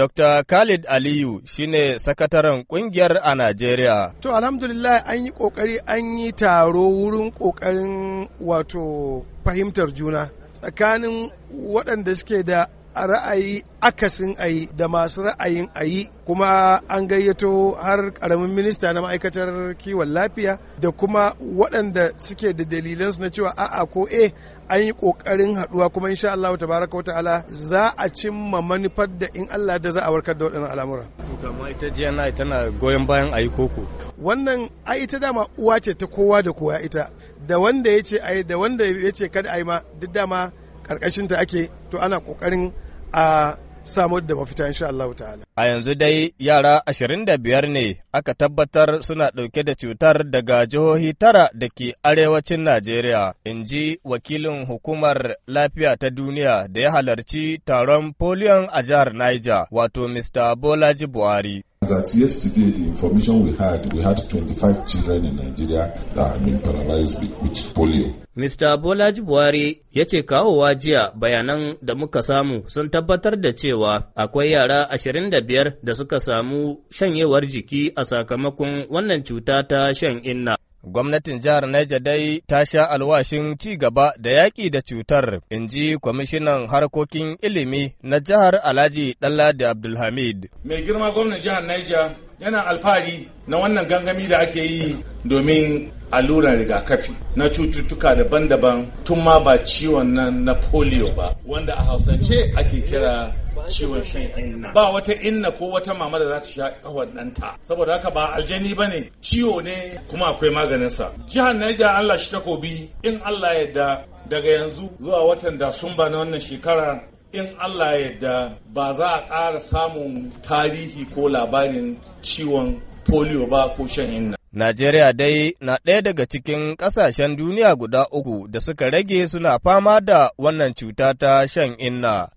Dr. Khalid Aliyu shine sakataren kungiyar a Najeriya. To alhamdulillah an yi kokari an yi taro wurin kokarin wato fahimtar juna tsakanin waɗanda suke da A ra'ayi akasin ayi da masu ra'ayin ayi kuma an gayyato har karamin minista na ma'aikatar kiwon lafiya da kuma waɗanda suke da su na cewa a'a ko e an yi ƙoƙarin haɗuwa kuma insha Allah baraka wa ta'ala za a cimma manufar da in Allah da za a warkar da waɗannan al'amura. Kama ita GNI tana goyon bayan ayi koko. Wannan a ita dama uwa ce ta kowa da kowa ita da wanda ya ce ayi da wanda ya ce kada ayi ma duk dama karkashinta ake to ana kokarin a samu da mafita insha Allah ta'ala. A yanzu dai yara ashirin da biyar ne aka tabbatar suna ɗauke da cutar daga jihohi tara da ke arewacin Najeriya, in ji wakilin hukumar lafiya ta duniya da ya halarci taron polion a jihar Niger, wato Mr. Bolaji Buhari. As at yesterday, the information we had, we had 25 children in Nigeria that have been paralyzed with polio. Mr. Bolaji Buhari ya ce kawowa jiya bayanan da muka samu sun tabbatar da cewa akwai yara 25 da suka samu shanyewar jiki a sakamakon wannan cuta ta shan inna. Gwamnatin jihar Niger dai ta sha alwashin ci gaba da yaƙi da cutar, in ji kwamishinan harkokin ilimi na jihar Alhaji Ɗanladi Abdulhamid. Mai girma gwamnan jihar Niger yana alfahari na wannan gangami da ake yi domin alluran rigakafi na cututtuka daban-daban tun ma ba ciwon nan na polio ba, wanda a hausance ake kira ciwon shan inna ba wata inna ko wata mama da za ta sha kawar ɗanta saboda haka ba aljani ba ne ciwo ne kuma akwai maganinsa jihar Niger Allah shi takobi in Allah yadda daga yanzu zuwa watan da sun ba na wannan shekara in Allah yadda ba za a ƙara samun tarihi ko labarin ciwon polio ba ko shan inna. Najeriya dai na ɗaya daga cikin ƙasashen duniya guda uku da suka rage suna fama da wannan cuta ta shan inna.